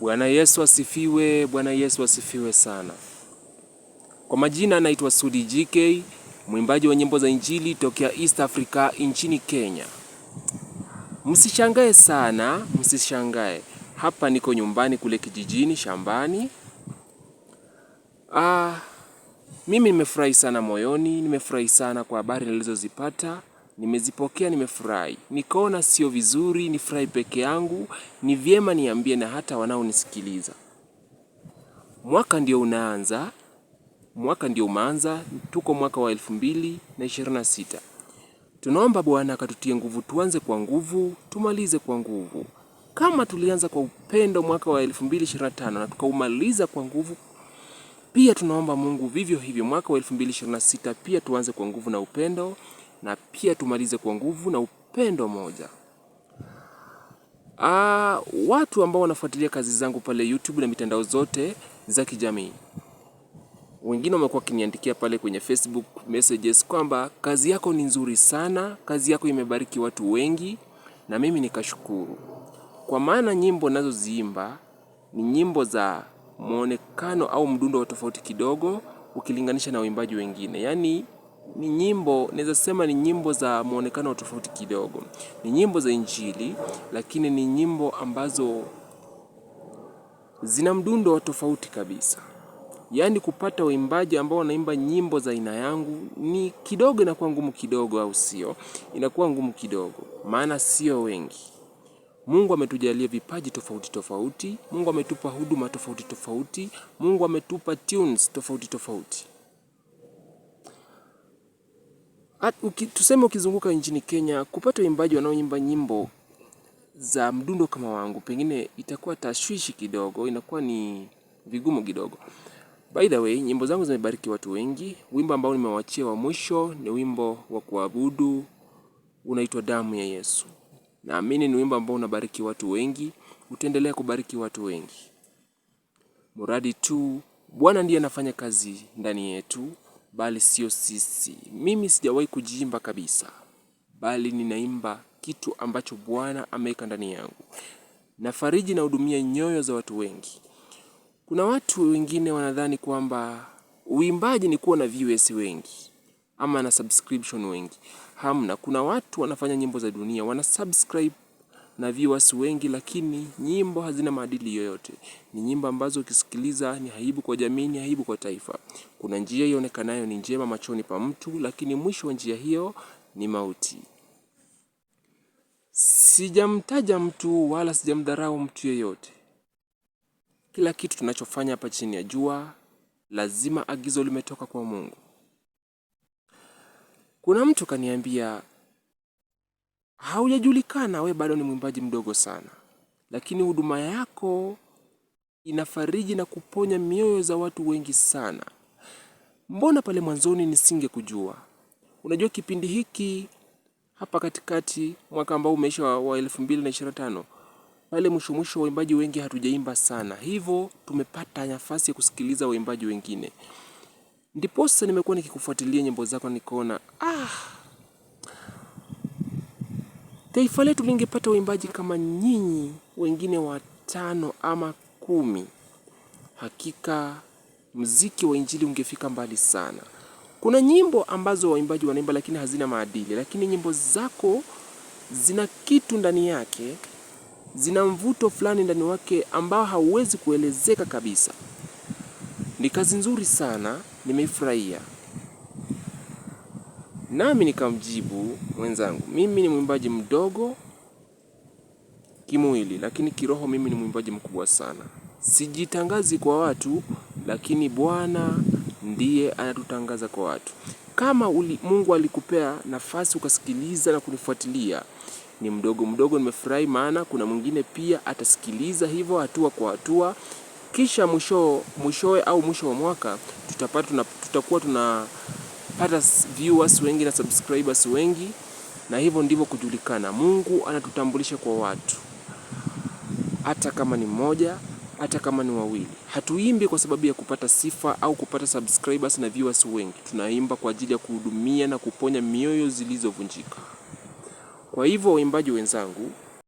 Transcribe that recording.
Bwana Yesu asifiwe, Bwana Yesu asifiwe sana. Kwa majina anaitwa Sudi JK, mwimbaji wa nyimbo za injili tokea East Africa nchini Kenya. Msishangae sana, msishangae. Hapa niko nyumbani kule kijijini shambani. Ah, mimi nimefurahi sana moyoni, nimefurahi sana kwa habari nilizozipata Nimezipokea, nimefurahi. Nikaona sio vizuri nifurahi peke yangu, ni vyema niambie na hata wanaonisikiliza. Mwaka ndio unaanza, mwaka ndio umeanza, tuko mwaka wa elfu mbili na ishirini na sita. Tunaomba Bwana akatutie nguvu, tuanze kwa nguvu, tumalize kwa nguvu. Kama tulianza kwa upendo mwaka wa 2025 na tukaumaliza kwa nguvu, pia tunaomba Mungu vivyo hivyo mwaka wa 2026 pia tuanze kwa nguvu na upendo na pia tumalize kwa nguvu na upendo moja. Aa, ah, watu ambao wanafuatilia kazi zangu pale YouTube na mitandao zote za kijamii, wengine wamekuwa wakiniandikia pale kwenye Facebook messages kwamba kazi yako ni nzuri sana, kazi yako imebariki watu wengi, na mimi nikashukuru, kwa maana nyimbo nazoziimba ni nyimbo za mwonekano au mdundo wa tofauti kidogo ukilinganisha na uimbaji wengine, yaani ni nyimbo naweza sema ni nyimbo za mwonekano tofauti kidogo, ni nyimbo za Injili, lakini ni nyimbo ambazo zina mdundo wa tofauti kabisa. Yaani kupata waimbaji ambao wanaimba nyimbo za aina yangu ni kidogo, inakuwa ngumu kidogo, au sio? Inakuwa ngumu kidogo, maana sio wengi. Mungu ametujalia vipaji tofauti tofauti, Mungu ametupa huduma tofauti tofauti, Mungu ametupa tunes tofauti tofauti. At, uki, tuseme ukizunguka nchini Kenya kupata waimbaji wanaoimba nyimbo za mdundo kama wangu, pengine itakuwa tashwishi kidogo, inakuwa ni vigumu kidogo. By the way, nyimbo zangu zimebariki watu wengi. Wimbo ambao nimewachia wa mwisho ni wimbo wa kuabudu unaitwa Damu ya Yesu. Naamini ni wimbo ambao unabariki watu wengi, utaendelea kubariki watu wengi, muradi tu Bwana ndiye anafanya kazi ndani yetu bali sio sisi. Mimi sijawahi kujiimba kabisa, bali ninaimba kitu ambacho Bwana ameweka ndani yangu. Nafariji na hudumia nyoyo za watu wengi. Kuna watu wengine wanadhani kwamba uimbaji ni kuwa na viewers wengi ama na subscription wengi. Hamna. Kuna watu wanafanya nyimbo za dunia, wana subscribe na viewers wengi, lakini nyimbo hazina maadili yoyote. Ni nyimbo ambazo ukisikiliza ni aibu kwa jamii, ni aibu kwa taifa. Kuna njia ionekanayo ni njema machoni pa mtu, lakini mwisho wa njia hiyo ni mauti. Sijamtaja mtu wala sijamdharau mtu yeyote. Kila kitu tunachofanya hapa chini ya jua lazima agizo limetoka kwa Mungu. Kuna mtu kaniambia haujajulikana, we bado ni mwimbaji mdogo sana, lakini huduma yako inafariji na kuponya mioyo za watu wengi sana. Mbona pale mwanzoni nisingekujua? Unajua kipindi hiki hapa katikati, mwaka ambao umeisha wa elfu mbili na ishirini na tano, pale mwisho mwisho waimbaji wengi hatujaimba sana, hivyo tumepata nafasi ya kusikiliza waimbaji wengine. ndipo sasa nimekuwa nikikufuatilia nyimbo zako, nikaona ah Taifa letu lingepata waimbaji kama nyinyi wengine watano ama kumi, hakika mziki wa Injili ungefika mbali sana. Kuna nyimbo ambazo waimbaji wanaimba lakini hazina maadili, lakini nyimbo zako zina kitu ndani yake, zina mvuto fulani ndani wake ambao hauwezi kuelezeka kabisa. Ni kazi nzuri sana, nimeifurahia. Nami nikamjibu mwenzangu, mimi ni mwimbaji mdogo kimwili, lakini kiroho mimi ni mwimbaji mkubwa sana. Sijitangazi kwa watu, lakini Bwana ndiye anatutangaza kwa watu. Kama uli, Mungu alikupea nafasi ukasikiliza na kunifuatilia, ni mdogo mdogo, nimefurahi, maana kuna mwingine pia atasikiliza hivyo hatua kwa hatua, kisha mwisho mwishowe au mwisho wa mwaka tutapata tutakuwa tuna kupata viewers wengi na subscribers wengi, na hivyo ndivyo kujulikana. Mungu anatutambulisha kwa watu, hata kama ni mmoja, hata kama ni wawili. Hatuimbi kwa sababu ya kupata sifa au kupata subscribers na viewers wengi. Tunaimba kwa ajili ya kuhudumia na kuponya mioyo zilizovunjika. Kwa hivyo, waimbaji wenzangu